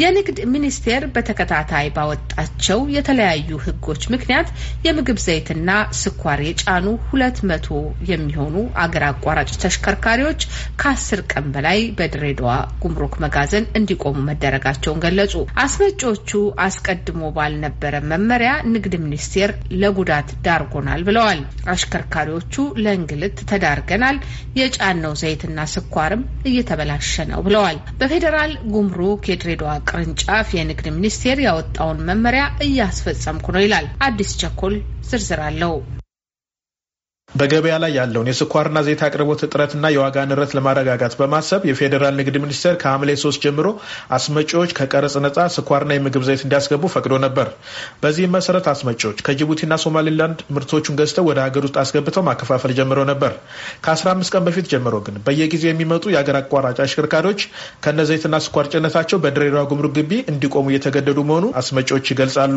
የንግድ ሚኒስቴር በተከታታይ ባወጣቸው የተለያዩ ሕጎች ምክንያት የምግብ ዘይትና ስኳር የጫኑ ሁለት መቶ የሚሆኑ አገር አቋራጭ ተሽከርካሪዎች ከአስር ቀን በላይ በድሬዳዋ ጉምሩክ መጋዘን እንዲቆሙ መደረጋቸውን ገለጹ። አስመጪዎቹ አስቀድሞ ባልነበረ መመሪያ ንግድ ሚኒስቴር ለጉዳት ዳርጎናል ብለዋል። አሽከርካሪዎቹ ለእንግልት ተዳርገናል፣ የጫነው ዘይትና ስኳርም እየተበላሸ ነው ብለዋል። በፌዴራል ጉምሩክ የድሬዳዋ ቅርንጫፍ የንግድ ሚኒስቴር ያወጣውን መመሪያ እያስፈጸምኩ ነው ይላል። አዲስ ቸኮል ዝርዝር አለው። በገበያ ላይ ያለውን የስኳርና ዘይት አቅርቦት እጥረትና የዋጋ ንረት ለማረጋጋት በማሰብ የፌዴራል ንግድ ሚኒስቴር ከሐምሌ ሶስት ጀምሮ አስመጪዎች ከቀረጽ ነጻ ስኳርና የምግብ ዘይት እንዲያስገቡ ፈቅዶ ነበር። በዚህም መሰረት አስመጪዎች ከጅቡቲና ሶማሌላንድ ምርቶቹን ገዝተው ወደ ሀገር ውስጥ አስገብተው ማከፋፈል ጀምረው ነበር። ከ15 ቀን በፊት ጀምሮ ግን በየጊዜው የሚመጡ የአገር አቋራጭ አሽከርካሪዎች ከነ ዘይትና ስኳር ጭነታቸው በድሬዳዋ ጉምሩክ ግቢ እንዲቆሙ እየተገደዱ መሆኑ አስመጪዎች ይገልጻሉ።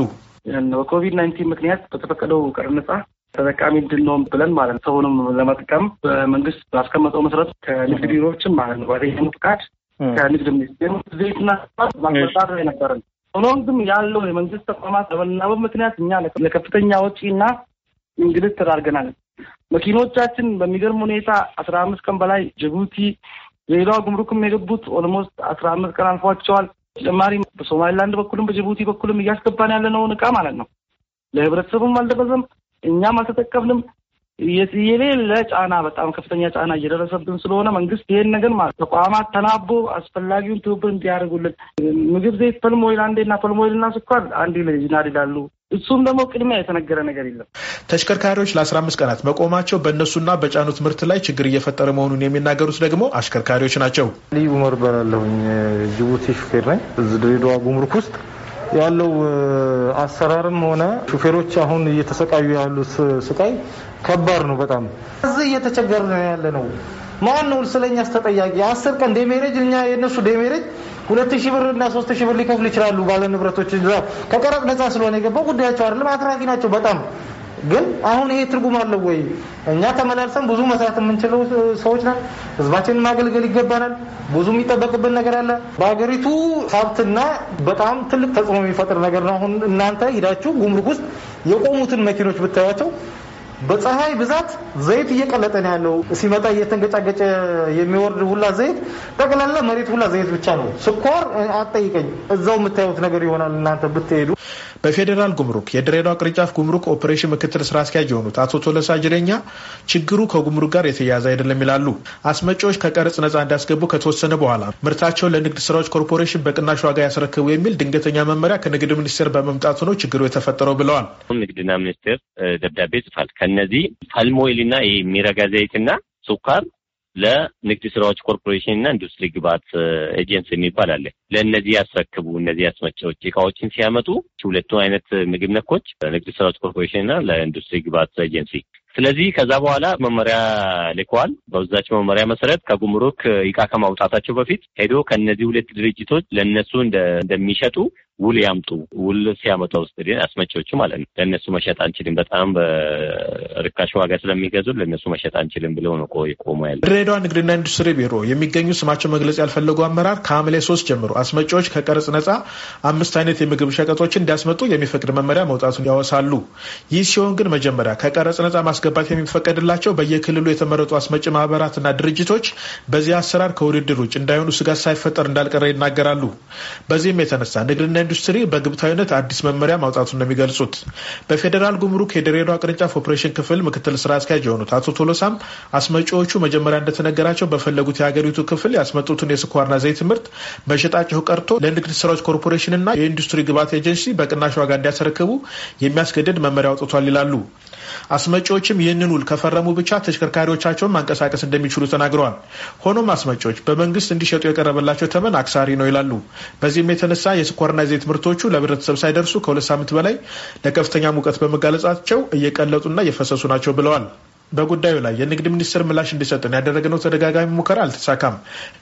በኮቪድ ናይንቲን ምክንያት በተፈቀደው ቀረጥ ነጻ ተጠቃሚ እንድንሆን ብለን ማለት ነው። ሰውንም ለመጥቀም በመንግስት ባስቀመጠው መሰረት ከንግድ ቢሮዎችም ማለት ነው ባገኘነው ፍቃድ ከንግድ ሚኒስቴር ዘይትና ማስመጣት ላይ ሆኖም ግን ያለው የመንግስት ተቋማት በመናበብ ምክንያት እኛ ለከፍተኛ ወጪና እንግልት ተዳርገናል። መኪኖቻችን በሚገርም ሁኔታ አስራ አምስት ቀን በላይ ጅቡቲ፣ ሌላዋ ጉምሩክም የገቡት ኦልሞስት አስራ አምስት ቀን አልፏቸዋል። ተጨማሪ በሶማሌላንድ በኩልም በጅቡቲ በኩልም እያስገባን ያለነውን እቃ ማለት ነው ለህብረተሰቡም አልደረሰም። እኛም አልተጠቀምንም። የሌለ ጫና በጣም ከፍተኛ ጫና እየደረሰብን ስለሆነ መንግስት ይሄን ነገር ማለት ተቋማት ተናቦ አስፈላጊውን ትብብር እንዲያደርጉልን ምግብ ዘይት ና ፈልሞይል ና ስኳር አንዴ ይናድ ይላሉ። እሱም ደግሞ ቅድሚያ የተነገረ ነገር የለም። ተሽከርካሪዎች ለአስራ አምስት ቀናት መቆማቸው በእነሱና በጫኑት ምርት ላይ ችግር እየፈጠረ መሆኑን የሚናገሩት ደግሞ አሽከርካሪዎች ናቸው። ልዩ መርበር አለሁኝ ጅቡቲ ሹፌር ነኝ። ድሬዳዋ ጉምሩክ ውስጥ ያለው አሰራርም ሆነ ሹፌሮች አሁን እየተሰቃዩ ያሉት ስቃይ ከባድ ነው። በጣም እዚህ እየተቸገር ነው ያለ ነው። ማን ነው ስለኛስ ተጠያቂ? አስር ቀን ዴሜሬጅ እኛ የነሱ ዴሜሬጅ ሁለት ሺህ ብር እና ሶስት ሺህ ብር ሊከፍሉ ይችላሉ። ባለ ንብረቶች ከቀረጥ ነጻ ስለሆነ የገባው ጉዳያቸው አይደለም። አትራፊ ናቸው በጣም ግን አሁን ይሄ ትርጉም አለው ወይ? እኛ ተመላልሰን ብዙ መስራት የምንችለው ሰዎች ነን። ህዝባችንን ማገልገል ይገባናል። ብዙ የሚጠበቅብን ነገር አለ። በሀገሪቱ ሀብትና በጣም ትልቅ ተጽዕኖ የሚፈጥር ነገር ነው። አሁን እናንተ ሂዳችሁ ጉምሩክ ውስጥ የቆሙትን መኪኖች ብታያቸው በፀሐይ ብዛት ዘይት እየቀለጠ ነው ያለው። ሲመጣ እየተንገጫገጨ የሚወርድ ሁላ ዘይት ጠቅላላ መሬት ሁላ ዘይት ብቻ ነው። ስኳር አጠይቀኝ እዛው የምታዩት ነገር ይሆናል እናንተ ብትሄዱ። በፌዴራል ጉምሩክ የድሬዳዋ ቅርንጫፍ ጉምሩክ ኦፕሬሽን ምክትል ስራ አስኪያጅ የሆኑት አቶ ቶለሳ ጅሬኛ ችግሩ ከጉምሩክ ጋር የተያያዘ አይደለም ይላሉ። አስመጪዎች ከቀረጽ ነጻ እንዲያስገቡ ከተወሰነ በኋላ ምርታቸውን ለንግድ ስራዎች ኮርፖሬሽን በቅናሽ ዋጋ ያስረክቡ የሚል ድንገተኛ መመሪያ ከንግድ ሚኒስቴር በመምጣቱ ነው ችግሩ የተፈጠረው ብለዋል። ንግድና ሚኒስቴር ደብዳቤ ጽፋል ከነዚህ ፓልም እና የሚረጋ ዘይት እና ሱካር ለንግድ ስራዎች ኮርፖሬሽን እና ኢንዱስትሪ ግብዓት ኤጀንሲ የሚባል አለ። ለእነዚህ ያስረክቡ እነዚህ አስመጪዎች እቃዎችን ሲያመጡ ሁለቱ አይነት ምግብ ነኮች ለንግድ ስራዎች ኮርፖሬሽን እና ለኢንዱስትሪ ግብዓት ኤጀንሲ። ስለዚህ ከዛ በኋላ መመሪያ ልከዋል። በዛች መመሪያ መሰረት ከጉምሩክ እቃ ከማውጣታቸው በፊት ሄዶ ከእነዚህ ሁለት ድርጅቶች ለእነሱ እንደሚሸጡ ውል ያምጡ። ውል ሲያመጣው ስቴዲየም አስመጪዎቹ ማለት ነው ለእነሱ መሸጥ አንችልም፣ በጣም በርካሽ ዋጋ ስለሚገዙ ለእነሱ መሸጥ አንችልም ብለው ነው የቆሙ ያለ። ድሬዳዋ ንግድና ኢንዱስትሪ ቢሮ የሚገኙ ስማቸው መግለጽ ያልፈለጉ አመራር ከሐምሌ ሶስት ጀምሮ አስመጪዎች ከቀረጽ ነጻ አምስት አይነት የምግብ ሸቀጦችን እንዲያስመጡ የሚፈቅድ መመሪያ መውጣቱን ያወሳሉ። ይህ ሲሆን ግን መጀመሪያ ከቀረጽ ነጻ ማስገባት የሚፈቀድላቸው በየክልሉ የተመረጡ አስመጪ ማህበራትና ድርጅቶች በዚህ አሰራር ከውድድር ውጭ እንዳይሆኑ ስጋት ሳይፈጠር እንዳልቀረ ይናገራሉ። በዚህም የተነሳ ንግድና ኢንዱስትሪ በግብታዊነት አዲስ መመሪያ ማውጣቱን ነው የሚገልጹት። በፌዴራል ጉምሩክ የድሬዳዋ ቅርንጫፍ ኦፕሬሽን ክፍል ምክትል ስራ አስኪያጅ የሆኑት አቶ ቶሎሳም አስመጪዎቹ መጀመሪያ እንደተነገራቸው በፈለጉት የሀገሪቱ ክፍል ያስመጡትን የስኳርና ዘይት ምርት መሸጣቸው ቀርቶ ለንግድ ስራዎች ኮርፖሬሽንና የኢንዱስትሪ ግብዓት ኤጀንሲ በቅናሽ ዋጋ እንዲያስረክቡ የሚያስገድድ መመሪያ አውጥቷል ይላሉ። አስመጪዎችም ይህንን ውል ከፈረሙ ብቻ ተሽከርካሪዎቻቸውን ማንቀሳቀስ እንደሚችሉ ተናግረዋል። ሆኖም አስመጪዎች በመንግስት እንዲሸጡ የቀረበላቸው ተመን አክሳሪ ነው ይላሉ። በዚህም የተነሳ የስኳርና እነዚህ ትምህርቶቹ ለህብረተሰብ ሳይደርሱ ከሁለት ሳምንት በላይ ለከፍተኛ ሙቀት በመጋለጻቸው እየቀለጡና እየፈሰሱ ናቸው ብለዋል። በጉዳዩ ላይ የንግድ ሚኒስትር ምላሽ እንዲሰጥን ያደረግነው ተደጋጋሚ ሙከራ አልተሳካም።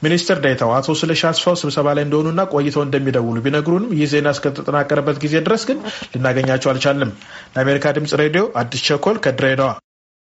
ሚኒስትር ዴኤታው አቶ ስለሺ አስፋው ስብሰባ ላይ እንደሆኑና ቆይተው እንደሚደውሉ ቢነግሩንም ይህ ዜና እስከተጠናቀረበት ጊዜ ድረስ ግን ልናገኛቸው አልቻልንም። ለአሜሪካ ድምጽ ሬዲዮ አዲስ ቸኮል ከድሬዳዋ